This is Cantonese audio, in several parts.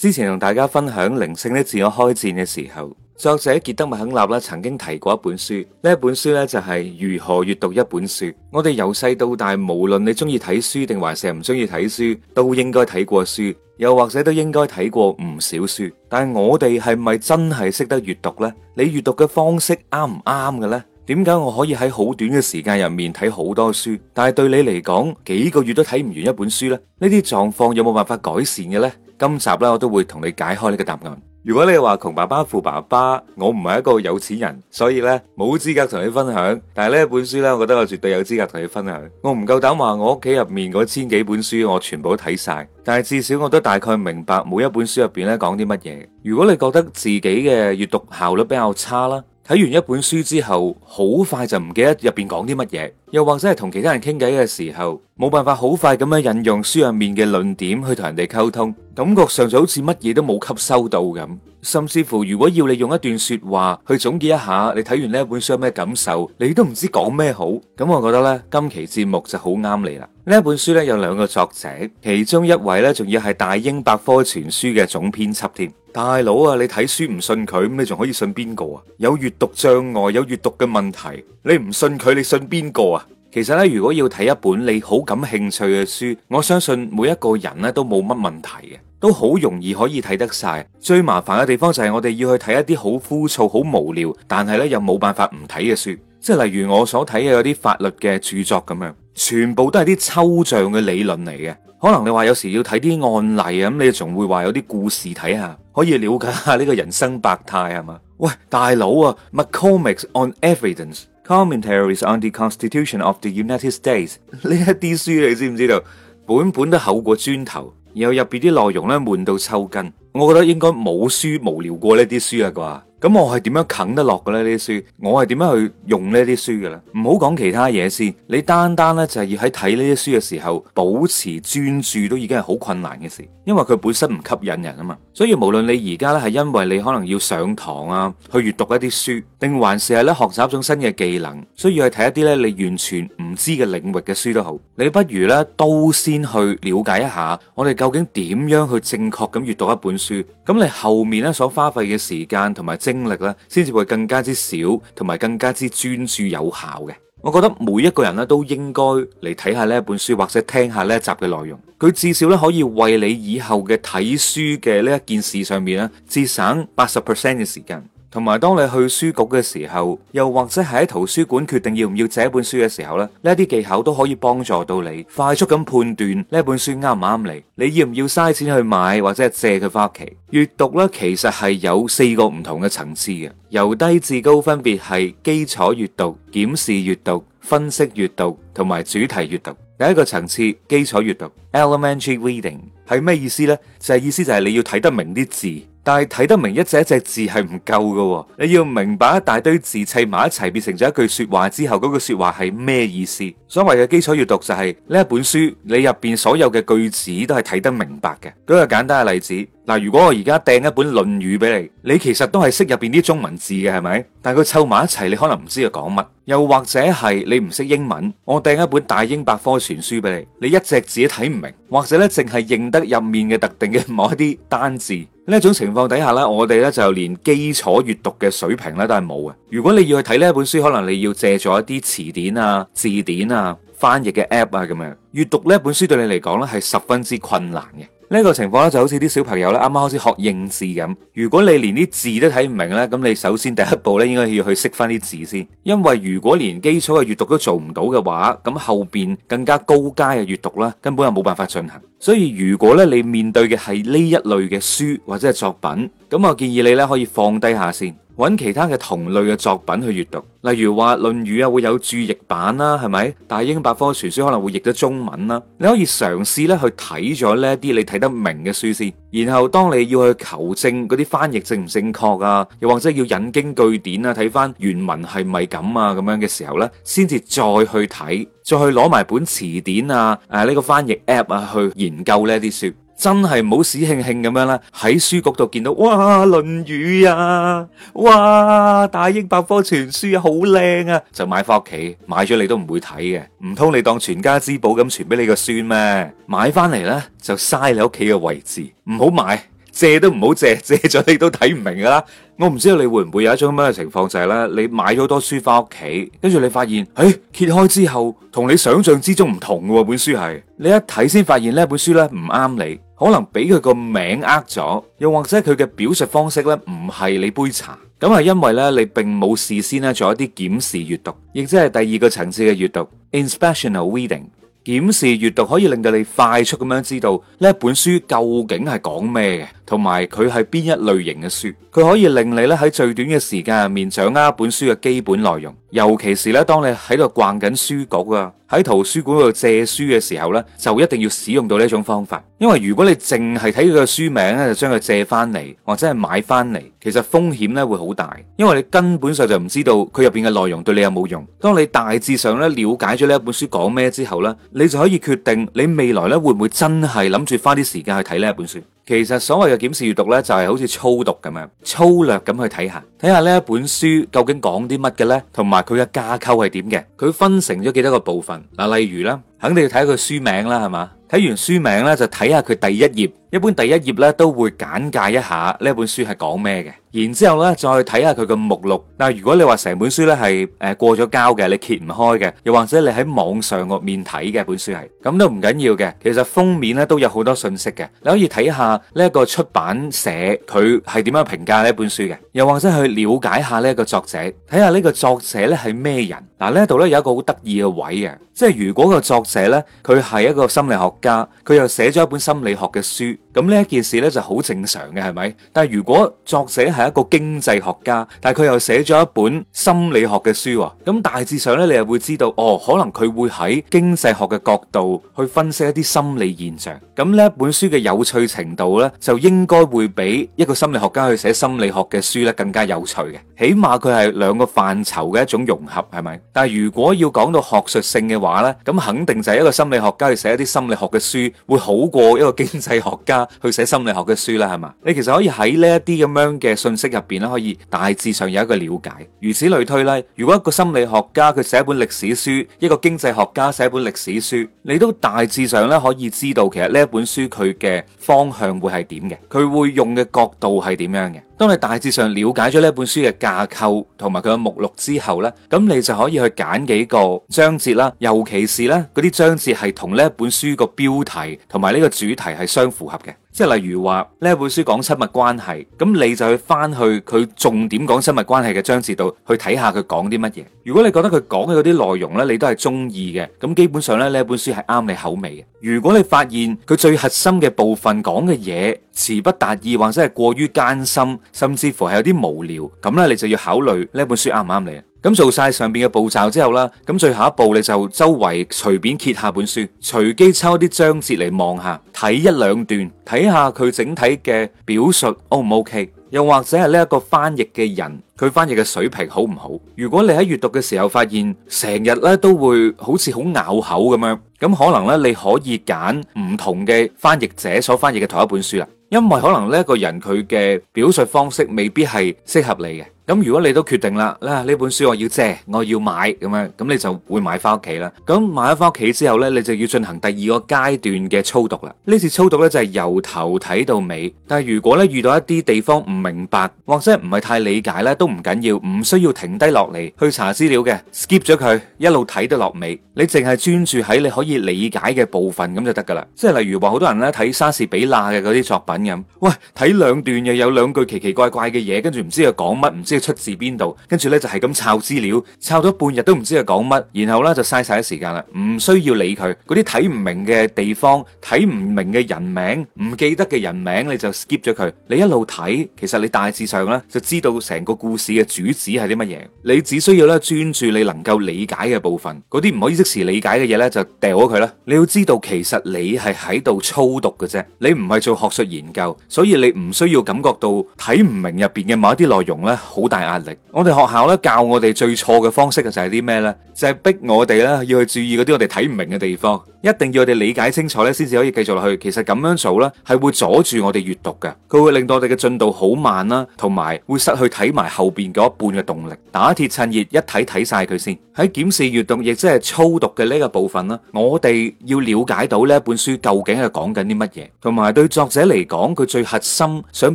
之前同大家分享《靈性的自我開戰》嘅時候，作者傑德麥肯納啦，曾經提過一本書。呢一本書咧就係如何閱讀一本書。我哋由細到大，無論你中意睇書定還是唔中意睇書，都應該睇過書，又或者都應該睇過唔少書。但係我哋係咪真係識得閱讀呢？你閱讀嘅方式啱唔啱嘅呢？點解我可以喺好短嘅時間入面睇好多書，但係對你嚟講幾個月都睇唔完一本書呢？呢啲狀況有冇辦法改善嘅呢？今集呢，我都會同你解開呢個答案。如果你話窮爸爸富爸爸，我唔係一個有錢人，所以呢，冇資格同你分享。但係呢本書呢，我覺得我絕對有資格同你分享。我唔夠膽話我屋企入面嗰千幾本書，我全部都睇曬。但係至少我都大概明白每一本書入邊咧講啲乜嘢。如果你覺得自己嘅閱讀效率比較差啦。睇完一本書之後，好快就唔記得入面講啲乜嘢，又或者係同其他人傾偈嘅時候，冇辦法好快咁樣引用書入面嘅論點去同人哋溝通，感覺上就好似乜嘢都冇吸收到咁。甚至乎，如果要你用一段說話去總結一下你睇完呢一本書有咩感受，你都唔知講咩好。咁我覺得呢，今期節目就好啱你啦。呢一本書呢，有兩個作者，其中一位呢，仲要係大英百科全書嘅總編輯添。大佬啊，你睇書唔信佢，咁你仲可以信邊個啊？有閱讀障礙，有閱讀嘅問題，你唔信佢，你信邊個啊？其實呢，如果要睇一本你好感興趣嘅書，我相信每一個人呢都冇乜問題嘅，都好容易可以睇得晒。最麻煩嘅地方就係我哋要去睇一啲好枯燥、好無聊，但係呢又冇辦法唔睇嘅書，即係例如我所睇嘅嗰啲法律嘅著作咁樣。全部都係啲抽象嘅理論嚟嘅，可能你話有時要睇啲案例啊，咁你仲會話有啲故事睇下，可以了解下呢個人生百態係嘛？喂，大佬啊，McCormick's on Evidence, Commentaries on the Constitution of the United States，呢一啲書你知唔知道？本本都厚過磚頭，然後入邊啲內容咧悶到抽筋，我覺得應該冇書無聊過呢啲書啊啩。咁我係點樣啃得落嘅呢？啲書，我係點樣去用呢啲書嘅咧？唔好講其他嘢先，你單單呢，就係要喺睇呢啲書嘅時候保持專注，都已經係好困難嘅事，因為佢本身唔吸引人啊嘛。所以無論你而家呢，係因為你可能要上堂啊，去閱讀一啲書，定還是係咧學習一種新嘅技能，需要去睇一啲呢，你完全唔知嘅領域嘅書都好，你不如呢，都先去了解一下，我哋究竟點樣去正確咁閱讀一本書，咁你後面呢，所花費嘅時間同埋精力咧，先至會更加之少，同埋更加之專注有效嘅。我覺得每一個人咧，都應該嚟睇下呢一本書，或者聽下呢一集嘅內容。佢至少咧可以為你以後嘅睇書嘅呢一件事上面咧節省八十 percent 嘅時間。同埋，當你去書局嘅時候，又或者係喺圖書館決定要唔要借本書嘅時候咧，呢啲技巧都可以幫助到你快速咁判斷呢本書啱唔啱你，你要唔要嘥錢去買或者係借佢翻屋企。閱讀呢其實係有四個唔同嘅層次嘅，由低至高分別係基礎閱讀、檢視閱讀、分析閱讀同埋主題閱讀。第一個層次基礎閱讀 （elementary reading） 係咩意思呢？就係意思就係你要睇得明啲字。但係睇得明一隻一隻字係唔夠嘅。哦，你要明白一大堆字砌埋一齊，變成咗一句說話之後，嗰句說話係咩意思？所謂嘅基礎閱讀就係、係、呢一本書，你入邊所有嘅句子都係睇得明白嘅。舉個簡單嘅例子。嗱，如果我而家掟一本《論語》俾你，你其實都係識入邊啲中文字嘅，係咪？但係佢湊埋一齊，你可能唔知佢講乜。又或者係你唔識英文，我掟一本《大英百科全書》俾你，你一隻字都睇唔明，或者咧淨係認得入面嘅特定嘅某一啲單字。呢一種情況底下呢，我哋呢就連基礎閱讀嘅水平呢都係冇嘅。如果你要去睇呢本書，可能你要借助一啲詞典啊、字典啊、翻譯嘅 App 啊咁樣閱讀呢本書，對你嚟講呢係十分之困難嘅。呢個情況咧就好似啲小朋友咧啱啱開始學認字咁，如果你連啲字都睇唔明呢，咁你首先第一步咧應該要去識返啲字先，因為如果連基礎嘅閱讀都做唔到嘅話，咁後邊更加高階嘅閱讀咧根本就冇辦法進行。所以如果咧你面對嘅係呢一類嘅書或者係作品。咁我建議你咧可以放低下先，揾其他嘅同類嘅作品去閱讀，例如話《論語》啊，會有注譯版啦、啊，係咪？大英百科全書可能會譯得中文啦、啊，你可以嘗試咧去睇咗呢一啲你睇得明嘅書先，然後當你要去求證嗰啲翻譯正唔正確啊，又或者要引經據典啊，睇翻原文係咪咁啊咁樣嘅時候呢，先至再去睇，再去攞埋本詞典啊，誒、啊、呢、呢個翻譯 App 啊去研究呢啲書。真係唔好使慶慶咁樣啦！喺書局度見到，哇，《論語》啊，哇《大英百科全書》啊，好靚啊，就買翻屋企。買咗你都唔會睇嘅，唔通你當全家之寶咁傳俾你個孫咩？買翻嚟呢，就嘥你屋企嘅位置，唔好買，借都唔好借，借咗你都睇唔明噶啦。我唔知道你會唔會有一種咁樣嘅情況，就係咧，你買咗多書翻屋企，跟住你發現，誒、欸，揭開之後同你想象之中唔同嘅、啊，本書係你一睇先發現呢本書咧唔啱你，可能俾佢個名呃咗，又或者佢嘅表述方式咧唔係你杯茶，咁係因為咧你並冇事先咧做一啲檢視閱讀，亦即係第二個層次嘅閱讀 Inspectional Reading。檢視閱讀可以令到你快速咁樣知道呢一本書究竟係講咩嘅，同埋佢係邊一類型嘅書，佢可以令你咧喺最短嘅時間入面掌握一本書嘅基本內容。尤其是咧，當你喺度逛緊書局啊，喺圖書館度借書嘅時候咧，就一定要使用到呢一種方法。因為如果你淨係睇佢嘅書名咧，就將佢借翻嚟或者係買翻嚟，其實風險咧會好大，因為你根本上就唔知道佢入邊嘅內容對你有冇用。當你大致上咧了解咗呢一本書講咩之後咧，你就可以決定你未來咧會唔會真係諗住花啲時間去睇呢一本書。其實所謂嘅檢視閱讀呢，就係好似粗讀咁樣，粗略咁去睇下，睇下呢一本書究竟講啲乜嘅呢，同埋佢嘅架構係點嘅，佢分成咗幾多個部分。嗱，例如啦，肯定要睇佢書名啦，係嘛？睇完書名咧，就睇下佢第一頁，一般第一頁咧都會簡介一下呢本書係講咩嘅。然之後咧，再睇下佢個目錄。嗱，如果你話成本書咧係誒過咗膠嘅，你揭唔開嘅，又或者你喺網上面睇嘅本書係，咁都唔緊要嘅。其實封面咧都有好多信息嘅，你可以睇下呢一個出版社佢係點樣評價呢本書嘅，又或者去了解下呢一個作者，睇下呢個作者咧係咩人。嗱，啊，呢一度咧有一個好得意嘅位啊！即係如果個作者呢，佢係一個心理學家，佢又寫咗一本心理學嘅書，咁呢一件事呢就好正常嘅，係咪？但係如果作者係一個經濟學家，但係佢又寫咗一本心理學嘅書，咁大致上呢，你又會知道，哦，可能佢會喺經濟學嘅角度去分析一啲心理現象。咁呢一本書嘅有趣程度呢，就應該會比一個心理學家去寫心理學嘅書呢更加有趣嘅。起碼佢係兩個範疇嘅一種融合，係咪？但係如果要講到學術性嘅話，話咧，咁肯定就係一個心理學家去寫一啲心理學嘅書，會好過一個經濟學家去寫心理學嘅書啦，係嘛？你其實可以喺呢一啲咁樣嘅訊息入邊咧，可以大致上有一個了解。如此類推呢，如果一個心理學家佢寫一本歷史書，一個經濟學家寫一本歷史書，你都大致上咧可以知道，其實呢一本書佢嘅方向會係點嘅，佢會用嘅角度係點樣嘅。當你大致上了解咗呢本書嘅架構同埋佢嘅目錄之後呢，咁你就可以去揀幾個章節啦，尤其是呢，嗰啲章節係同呢本書個標題同埋呢個主題係相符合嘅。即係例如話呢一本書講親密關係，咁你就去翻去佢重點講親密關係嘅章節度去睇下佢講啲乜嘢。如果你覺得佢講嘅嗰啲內容呢，你都係中意嘅，咁基本上咧呢一本書係啱你口味嘅。如果你發現佢最核心嘅部分講嘅嘢詞不達意，或者係過於艱深，甚至乎係有啲無聊，咁咧你就要考慮呢本書啱唔啱你。咁做晒上邊嘅步驟之後啦，咁最後一步你就周圍隨便揭下本書，隨機抽啲章節嚟望下，睇一兩段，睇下佢整體嘅表述 O 唔 O K？又或者係呢一個翻譯嘅人，佢翻譯嘅水平好唔好？如果你喺閱讀嘅時候發現成日咧都會好似好拗口咁樣，咁可能咧你可以揀唔同嘅翻譯者所翻譯嘅同一本書啦，因為可能呢一個人佢嘅表述方式未必係適合你嘅。咁如果你都決定啦，嗱、啊、呢本書我要借，我要買咁樣，咁你就會買翻屋企啦。咁買咗翻屋企之後呢，你就要進行第二個階段嘅粗讀啦。呢次粗讀呢，就係、是、由頭睇到尾。但係如果呢，遇到一啲地方唔明白或者唔係太理解呢，都唔緊要，唔需要停低落嚟去查資料嘅，skip 咗佢，一路睇到落尾。你淨係專注喺你可以理解嘅部分咁就得㗎啦。即係例如話，好多人呢睇莎士比亞嘅嗰啲作品咁，喂睇兩段又有兩句奇奇怪怪嘅嘢，跟住唔知佢講乜，唔知。出自邊度？跟住呢，就係咁抄資料，抄咗半日都唔知佢講乜，然後呢，就嘥晒啲時間啦。唔需要理佢，嗰啲睇唔明嘅地方、睇唔明嘅人名、唔記得嘅人名，你就 skip 咗佢。你一路睇，其實你大致上呢就知道成個故事嘅主旨係啲乜嘢。你只需要呢，專注你能夠理解嘅部分，嗰啲唔可以即時理解嘅嘢呢，就掉咗佢啦。你要知道，其實你係喺度粗讀嘅啫，你唔係做學術研究，所以你唔需要感覺到睇唔明入邊嘅某一啲內容呢。好大壓力，我哋學校咧教我哋最錯嘅方式就係啲咩咧？就係逼我哋咧要去注意嗰啲我哋睇唔明嘅地方。一定要我哋理解清楚咧，先至可以繼續落去。其實咁樣做咧，係會阻住我哋閱讀嘅，佢會令到我哋嘅進度好慢啦，同埋會失去睇埋後邊嗰一半嘅動力。打鐵趁熱，一睇睇晒佢先。喺檢視閱讀，亦即係粗讀嘅呢個部分啦，我哋要了解到呢本書究竟係講緊啲乜嘢，同埋對作者嚟講，佢最核心想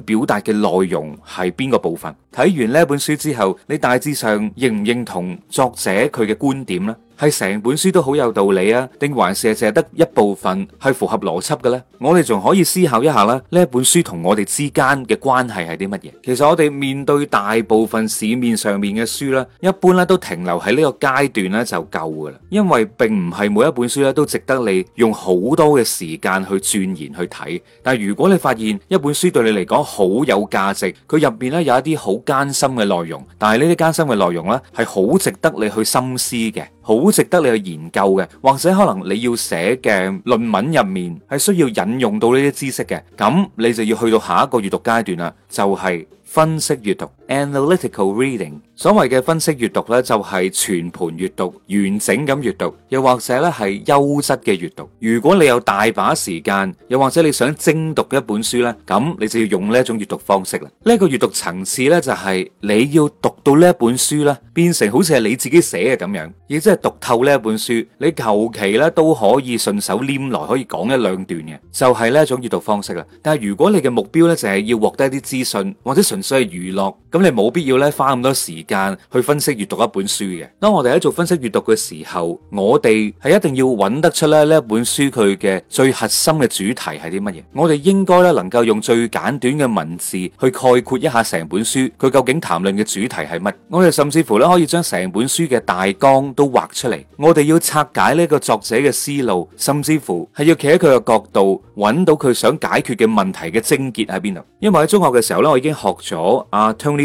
表達嘅內容係邊個部分？睇完呢本書之後，你大致上認唔認同作者佢嘅觀點呢？係成本書都好有道理啊，定還是係淨係得一部分係符合邏輯嘅呢？我哋仲可以思考一下啦。呢一本書同我哋之間嘅關係係啲乜嘢？其實我哋面對大部分市面上面嘅書咧，一般咧都停留喺呢個階段咧就夠噶啦。因為並唔係每一本書咧都值得你用好多嘅時間去鑽研去睇。但係如果你發現一本書對你嚟講好有價值，佢入邊咧有一啲好艱辛嘅內容，但係呢啲艱辛嘅內容咧係好值得你去深思嘅。好值得你去研究嘅，或者可能你要寫嘅論文入面係需要引用到呢啲知識嘅，咁你就要去到下一個閱讀階段啦，就係分析閱讀。Analytical reading，所謂嘅分析閱讀呢，就係全盤閱讀、完整咁閱讀，又或者呢係優質嘅閱讀。如果你有大把時間，又或者你想精讀一本書呢，咁你就要用呢一種閱讀方式啦。呢個閱讀層次呢，就係你要讀到呢一本書呢，變成好似係你自己寫嘅咁樣，亦即係讀透呢一本書，你求其呢都可以順手拈來，可以講一兩段嘅，就係呢一種閱讀方式啦。但係如果你嘅目標呢，就係要獲得一啲資訊，或者純粹係娛樂。咁你冇必要咧花咁多時間去分析閱讀一本書嘅。當我哋喺做分析閱讀嘅時候，我哋係一定要揾得出咧呢一本書佢嘅最核心嘅主題係啲乜嘢。我哋應該咧能夠用最簡短嘅文字去概括一下成本書佢究竟談論嘅主題係乜。我哋甚至乎咧可以將成本書嘅大綱都畫出嚟。我哋要拆解呢個作者嘅思路，甚至乎係要企喺佢嘅角度揾到佢想解決嘅問題嘅症結喺邊度。因為喺中學嘅時候咧，我已經學咗阿、啊 Tony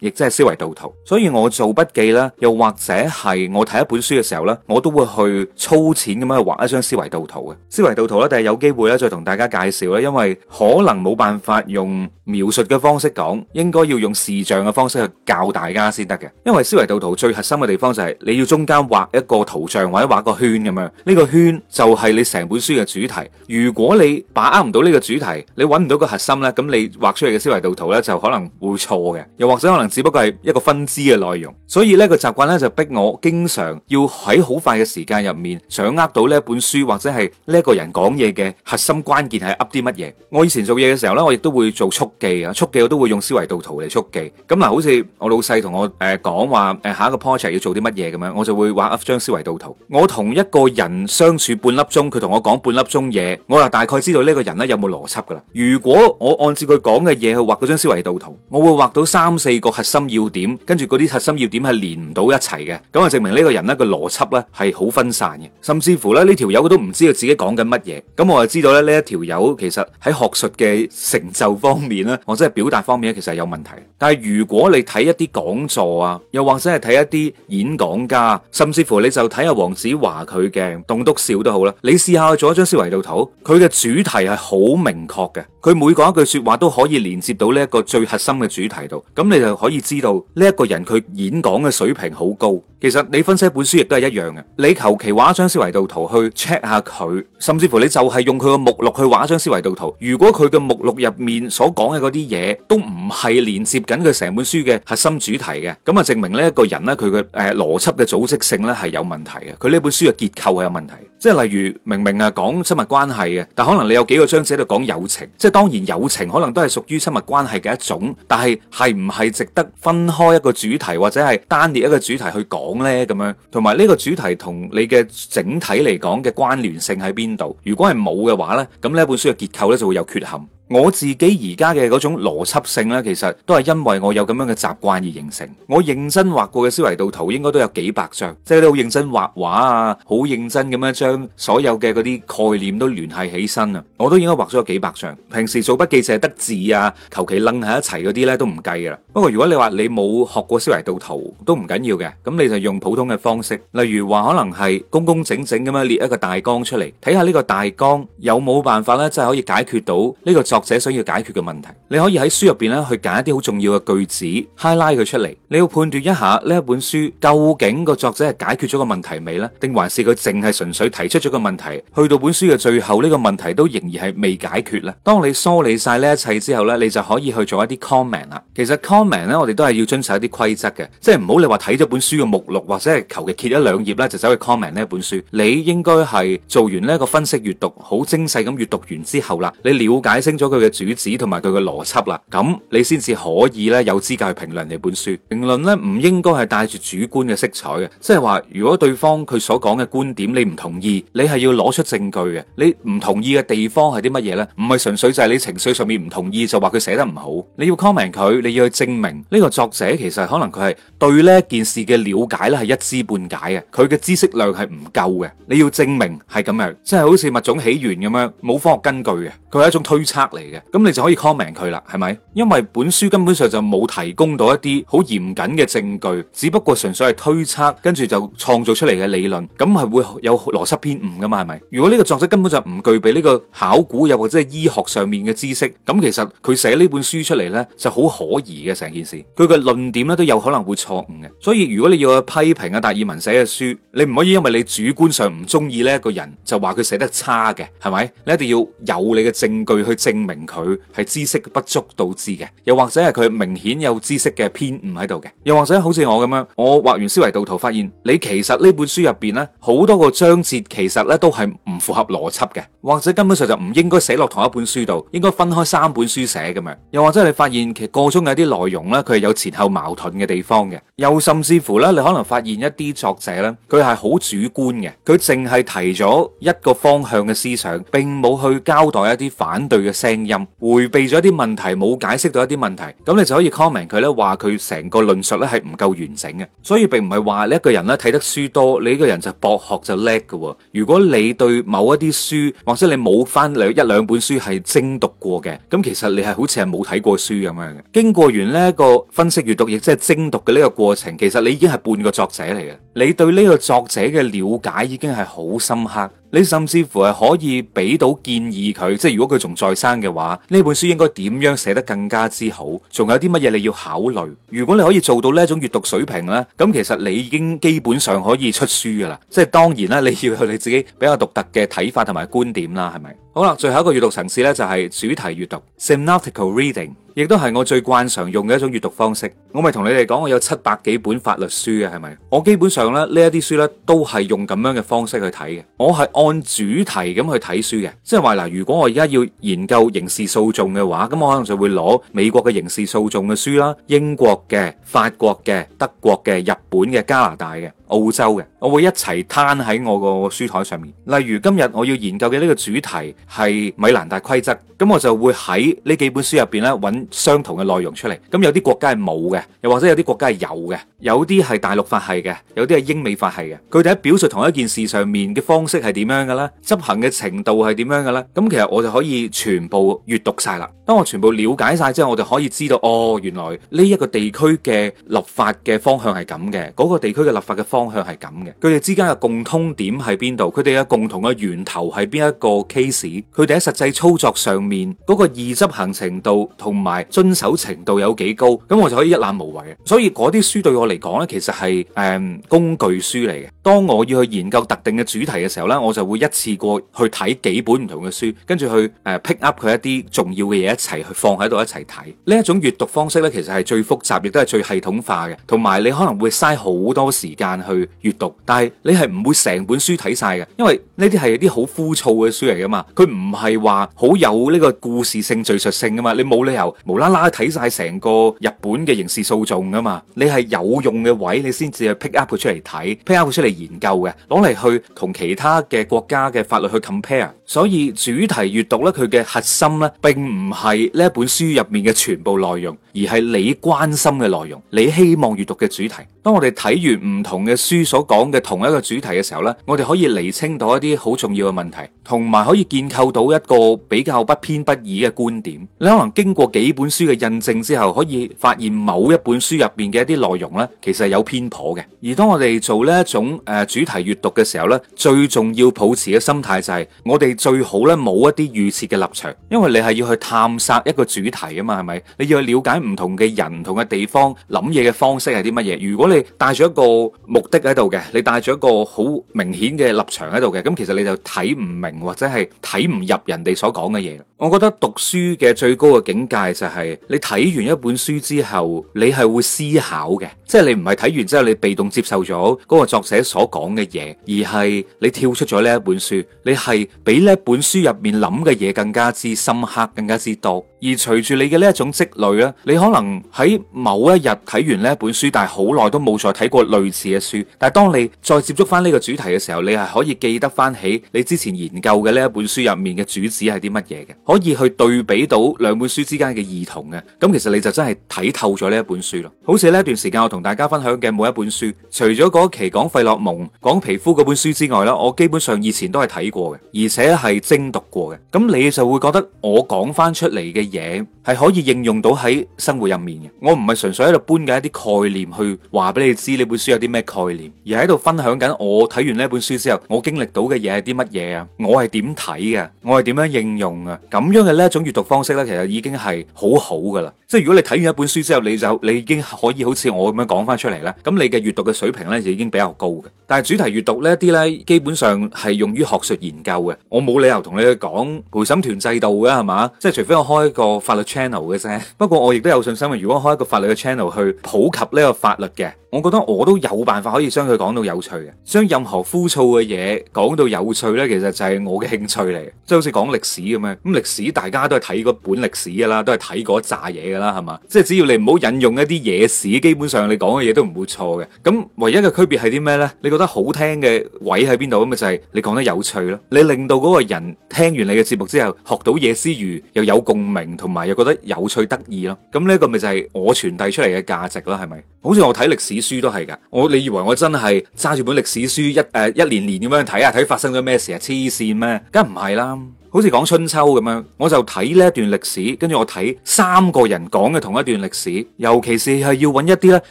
亦即係思維導圖，所以我做筆記啦，又或者係我睇一本書嘅時候呢，我都會去粗淺咁樣去畫一張思維導圖嘅。思維導圖咧，第日有機會咧再同大家介紹咧，因為可能冇辦法用描述嘅方式講，應該要用視像嘅方式去教大家先得嘅。因為思維導圖最核心嘅地方就係、是、你要中間畫一個圖像或者畫個圈咁樣，呢、這個圈就係你成本書嘅主題。如果你把握唔到呢個主題，你揾唔到個核心呢，咁你畫出嚟嘅思維導圖呢，就可能會錯嘅，又或者可能。只不過係一個分支嘅內容，所以呢個習慣咧就逼我經常要喺好快嘅時間入面掌握到呢一本書或者係呢一個人講嘢嘅核心關鍵係噏啲乜嘢。我以前做嘢嘅時候咧，我亦都會做速記啊，速記我都會用思維導圖嚟速記。咁嗱，好似我老細同我誒講話，誒下一個 project 要做啲乜嘢咁樣，我就會畫一張思維導圖。我同一個人相處半粒鐘，佢同我講半粒鐘嘢，我就大概知道呢個人咧有冇邏輯噶啦。如果我按照佢講嘅嘢去畫嗰張思維導圖，我會畫到三四個。核心要點，跟住嗰啲核心要點係連唔到一齊嘅，咁啊證明呢個人咧個邏輯咧係好分散嘅，甚至乎咧呢條友佢都唔知道自己講緊乜嘢。咁我就知道咧呢一條友其實喺學術嘅成就方面咧，或者係表達方面其實係有問題。但係如果你睇一啲講座啊，又或者係睇一啲演講家，甚至乎你就睇下黃子華佢嘅棟篤笑都好啦。你試下做一張思維導圖，佢嘅主題係好明確嘅，佢每講一句說話都可以連接到呢一個最核心嘅主題度。咁你就可以。可以知道呢一個人佢演講嘅水平好高。其實你分析一本書亦都係一樣嘅。你求其畫一張思維導圖去 check 下佢，甚至乎你就係用佢嘅目錄去畫一張思維導圖。如果佢嘅目錄入面所講嘅嗰啲嘢都唔係連接緊佢成本書嘅核心主題嘅，咁啊證明呢一個人咧佢嘅誒邏輯嘅組織性咧係有問題嘅。佢呢本書嘅結構係有問題。即係例如明明啊講親密關係嘅，但可能你有幾個章子喺度講友情，即係當然友情可能都係屬於親密關係嘅一種，但係係唔係值得分開一個主題或者係單列一個主題去講呢？咁樣，同埋呢個主題同你嘅整體嚟講嘅關聯性喺邊度？如果係冇嘅話呢，咁呢本書嘅結構呢就會有缺陷。我自己而家嘅嗰種邏輯性咧，其實都係因為我有咁樣嘅習慣而形成。我認真畫過嘅思維導圖應該都有幾百張，即係都好認真畫畫啊，好認真咁樣將所有嘅嗰啲概念都聯繫起身啊。我都應該畫咗幾百張。平時做筆記就係得字啊，求其楞喺一齊嗰啲咧都唔計噶啦。不過如果你話你冇學過思維導圖都唔緊要嘅，咁你就用普通嘅方式，例如話可能係工工整整咁樣列一個大綱出嚟，睇下呢個大綱有冇辦法咧，即係可以解決到呢個作作者想要解決嘅問題，你可以喺書入邊咧去揀一啲好重要嘅句子，highlight 佢出嚟。你要判斷一下呢一本書究竟個作者係解決咗個問題未呢？定還是佢淨係純粹提出咗個問題，去到本書嘅最後，呢個問題都仍然係未解決呢？當你梳理晒呢一切之後呢，你就可以去做一啲 comment 啦。其實 comment 呢，我哋都係要遵守一啲規則嘅，即係唔好你話睇咗本書嘅目錄或者係求其揭一兩頁呢，就走去 comment 呢一本書。你應該係做完呢一個分析閱讀，好精細咁閱讀完之後啦，你了解清楚。佢嘅主旨同埋佢嘅邏輯啦，咁你先至可以咧有資格去評論你本書。評論咧唔應該係帶住主觀嘅色彩嘅，即係話如果對方佢所講嘅觀點你唔同意，你係要攞出證據嘅。你唔同意嘅地方係啲乜嘢咧？唔係純粹就係你情緒上面唔同意就話佢寫得唔好。你要 comment 佢，你要去證明呢個作者其實可能佢係對呢件事嘅了解咧係一知半解嘅，佢嘅知識量係唔夠嘅。你要證明係咁樣，即係好似物種起源咁樣冇科學根據嘅，佢係一種推測嚟嚟嘅，咁你就可以 comment 佢啦，係咪？因為本書根本上就冇提供到一啲好嚴謹嘅證據，只不過純粹係推測，跟住就創造出嚟嘅理論，咁係會有邏輯偏誤噶嘛？係咪？如果呢個作者根本就唔具備呢個考古又或者係醫學上面嘅知識，咁其實佢寫呢本書出嚟呢就好可疑嘅成件事，佢嘅論點呢都有可能會錯誤嘅。所以如果你要去批評阿達爾文寫嘅書，你唔可以因為你主觀上唔中意呢一個人就話佢寫得差嘅，係咪？你一定要有你嘅證據去證明佢係知識不足導致嘅，又或者係佢明顯有知識嘅偏誤喺度嘅，又或者好似我咁樣，我畫完思維導圖，發現你其實呢本書入邊咧，好多個章節其實咧都係唔符合邏輯嘅，或者根本上就唔應該寫落同一本書度，應該分開三本書寫咁樣，又或者你發現其個中有啲內容咧，佢係有前後矛盾嘅地方嘅，又甚至乎咧，你可能發現一啲作者咧，佢係好主觀嘅，佢淨係提咗一個方向嘅思想，並冇去交代一啲反對嘅聲聲，回避咗啲問題，冇解釋到一啲問題，咁你就可以 comment 佢咧，話佢成個論述咧係唔夠完整嘅。所以並唔係話你一個人咧睇得書多，你呢個人就博學就叻嘅。如果你對某一啲書或者你冇翻嚟一兩本書係精讀過嘅，咁其實你係好似係冇睇過書咁樣嘅。經過完呢一個分析閱讀亦即係精讀嘅呢個過程，其實你已經係半個作者嚟嘅。你對呢個作者嘅了解已經係好深刻。你甚至乎係可以俾到建議佢，即係如果佢仲在生嘅話，呢本書應該點樣寫得更加之好？仲有啲乜嘢你要考慮？如果你可以做到呢一種閱讀水平呢，咁其實你已經基本上可以出書噶啦。即係當然啦，你要有你自己比較獨特嘅睇法同埋觀點啦，係咪？好啦，最後一個閱讀層次咧，就係主題閱讀 （synoptical reading），亦都係我最慣常用嘅一種閱讀方式。我咪同你哋講，我有七百幾本法律書嘅，係咪？我基本上咧，呢一啲書咧，都係用咁樣嘅方式去睇嘅。我係按主題咁去睇書嘅，即係話嗱，如果我而家要研究刑事訴訟嘅話，咁我可能就會攞美國嘅刑事訴訟嘅書啦、英國嘅、法國嘅、德國嘅、日本嘅、加拿大嘅、澳洲嘅，我會一齊攤喺我個書枱上面。例如今日我要研究嘅呢個主題，係米蘭達規則，咁我就會喺呢幾本書入邊咧揾相同嘅內容出嚟。咁有啲國家係冇嘅，又或者有啲國家係有嘅。有啲係大陸法系嘅，有啲係英美法系嘅。佢哋喺表述同一件事上面嘅方式係點樣嘅咧？執行嘅程度係點樣嘅咧？咁其實我就可以全部閱讀晒啦。當我全部了解晒之後，我就可以知道哦，原來呢一個地區嘅立法嘅方向係咁嘅，嗰個地區嘅立法嘅方向係咁嘅。佢哋之間嘅共通點喺邊度？佢哋嘅共同嘅源頭係邊一個 case？佢哋喺實際操作上面嗰個易執行程度同埋遵守程度有幾高，咁我就可以一覽無遺。所以嗰啲書對我嚟講咧，其實係誒、嗯、工具書嚟嘅。當我要去研究特定嘅主題嘅時候呢，我就會一次過去睇幾本唔同嘅書，跟住去誒 pick up 佢一啲重要嘅嘢一齊去放喺度一齊睇。呢一種閱讀方式呢，其實係最複雜，亦都係最系統化嘅。同埋你可能會嘥好多時間去閱讀，但係你係唔會成本書睇晒嘅，因為呢啲係啲好枯燥嘅書嚟噶嘛。佢唔係話好有呢個故事性、敍述性噶嘛。你冇理由無啦啦睇晒成個日本嘅刑事訴訟噶嘛。你係有用嘅位，你先至去 pick up 佢出嚟睇，pick up 佢出嚟。研究嘅攞嚟去同其他嘅國家嘅法律去 compare，所以主題閱讀咧，佢嘅核心咧並唔係呢一本書入面嘅全部內容。而係你關心嘅內容，你希望閱讀嘅主題。當我哋睇完唔同嘅書所講嘅同一個主題嘅時候咧，我哋可以釐清到一啲好重要嘅問題，同埋可以建構到一個比較不偏不倚嘅觀點。你可能經過幾本書嘅印證之後，可以發現某一本書入邊嘅一啲內容咧，其實係有偏頗嘅。而當我哋做呢一種誒主題閱讀嘅時候咧，最重要抱持嘅心態就係我哋最好咧冇一啲預設嘅立場，因為你係要去探索一個主題啊嘛，係咪？你要去了解。唔同嘅人、唔同嘅地方諗嘢嘅方式係啲乜嘢？如果你帶住一個目的喺度嘅，你帶住一個好明顯嘅立場喺度嘅，咁其實你就睇唔明或者係睇唔入人哋所講嘅嘢。我覺得讀書嘅最高嘅境界就係、是、你睇完一本書之後，你係會思考嘅，即係你唔係睇完之後你被動接受咗嗰個作者所講嘅嘢，而係你跳出咗呢一本書，你係比呢一本書入面諗嘅嘢更加之深刻、更加之多。而隨住你嘅呢一種積累咧，你。你可能喺某一日睇完呢本書，但係好耐都冇再睇過類似嘅書。但係當你再接觸翻呢個主題嘅時候，你係可以記得翻起你之前研究嘅呢一本書入面嘅主旨係啲乜嘢嘅，可以去對比到兩本書之間嘅異同嘅。咁其實你就真係睇透咗呢一本書咯。好似呢段時間我同大家分享嘅每一本書，除咗嗰期講費洛蒙、講皮膚嗰本書之外啦，我基本上以前都係睇過嘅，而且係精讀過嘅。咁你就會覺得我講翻出嚟嘅嘢係可以應用到喺生活入面嘅，我唔係純粹喺度搬緊一啲概念去話俾你知呢本書有啲咩概念，而喺度分享緊我睇完呢本書之後，我經歷到嘅嘢係啲乜嘢啊？我係點睇嘅？我係點樣應用嘅？咁樣嘅呢一種閱讀方式呢，其實已經係好好㗎喇。即係如果你睇完一本書之後，你就你已經可以好似我咁樣講返出嚟喇，咁你嘅閱讀嘅水平呢，就已經比較高嘅。但係主題閱讀呢一啲呢，基本上係用於學術研究嘅，我冇理由同你去講陪審團制度嘅係嘛，即係除非我開一個法律 channel 嘅啫。不過我亦都。都有信心啊。如果開一個法律嘅 channel 去普及呢個法律嘅。我覺得我都有辦法可以將佢講到有趣嘅，將任何枯燥嘅嘢講到有趣呢，其實就係我嘅興趣嚟，即係好似講歷史咁樣。咁歷史大家都係睇嗰本歷史噶啦，都係睇嗰扎嘢噶啦，係嘛？即係只要你唔好引用一啲野史，基本上你講嘅嘢都唔會錯嘅。咁唯一嘅區別係啲咩呢？你覺得好聽嘅位喺邊度？咁咪就係你講得有趣咯，你令到嗰個人聽完你嘅節目之後學到嘢之餘，又有共鳴，同埋又覺得有趣得意咯。咁呢一個咪就係我傳遞出嚟嘅價值啦，係咪？好似我睇歷史。書都係噶，我你以為我真係揸住本歷史書一誒、啊、一年年咁樣睇下、啊，睇發生咗咩事啊？黐綫咩？梗唔係啦，好似講春秋咁樣，我就睇呢一段歷史，跟住我睇三個人講嘅同一段歷史，尤其是係要揾一啲咧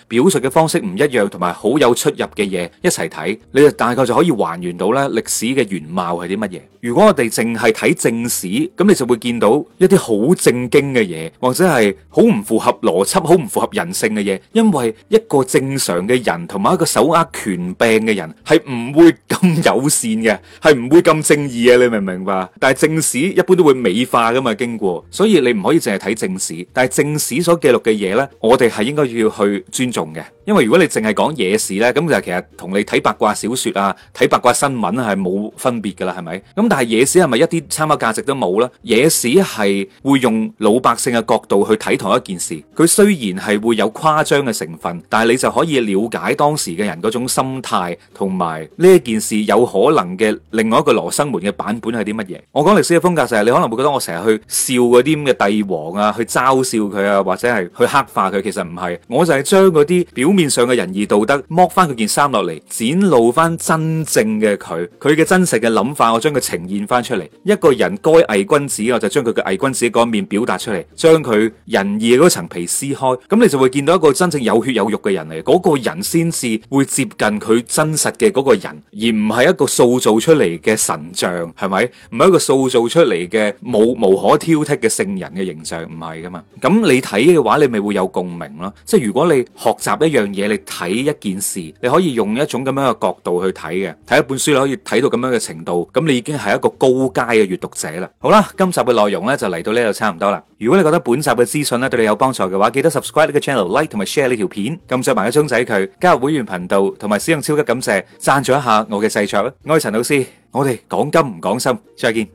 表述嘅方式唔一樣，同埋好有出入嘅嘢一齊睇，你就大概就可以還原到咧歷史嘅原貌係啲乜嘢。如果我哋淨係睇正史，咁你就會見到一啲好正經嘅嘢，或者係好唔符合邏輯、好唔符合人性嘅嘢。因為一個正常嘅人，同埋一個手握權柄嘅人，係唔會咁友善嘅，係唔會咁正義啊！你明唔明白？但係正史一般都會美化噶嘛經過，所以你唔可以淨係睇正史。但係正史所記錄嘅嘢呢，我哋係應該要去尊重嘅。因為如果你淨係講野史呢，咁就其實同你睇八卦小說啊、睇八卦新聞係冇分別噶啦，係咪？咁但係野史係咪一啲參考價值都冇咧？野史係會用老百姓嘅角度去睇同一件事，佢雖然係會有誇張嘅成分，但係你就可以了解當時嘅人嗰種心態，同埋呢一件事有可能嘅另外一個羅生門嘅版本係啲乜嘢。我講歷史嘅風格就係，你可能會覺得我成日去笑嗰啲咁嘅帝王啊，去嘲笑佢啊，或者係去黑化佢，其實唔係，我就係將嗰啲表面上嘅仁義道德剝翻佢件衫落嚟，展露翻真正嘅佢，佢嘅真實嘅諗法，我將佢呈現翻出嚟，一個人該偽君子，我就將佢嘅偽君子嗰一面表達出嚟，將佢仁義嗰層皮撕開，咁你就會見到一個真正有血有肉嘅人嚟，嗰個人先至會接近佢真實嘅嗰個人，而唔係一個塑造出嚟嘅神像，係咪？唔係一個塑造出嚟嘅冇無可挑剔嘅聖人嘅形象，唔係噶嘛？咁你睇嘅話，你咪會有共鳴咯。即係如果你學習一樣嘢，你睇一件事，你可以用一種咁樣嘅角度去睇嘅，睇一本書你可以睇到咁樣嘅程度，咁你已經係。係一個高階嘅閱讀者啦。好啦，今集嘅內容呢，就嚟到呢度差唔多啦。如果你覺得本集嘅資訊呢對你有幫助嘅話，記得 subscribe 呢個 channel、like 同埋 share 呢條片，撳上埋個鐘仔佢，加入會員頻道同埋使用超級感謝，讚咗一下我嘅製作啦。我係陳老師，我哋講金唔講心，再見。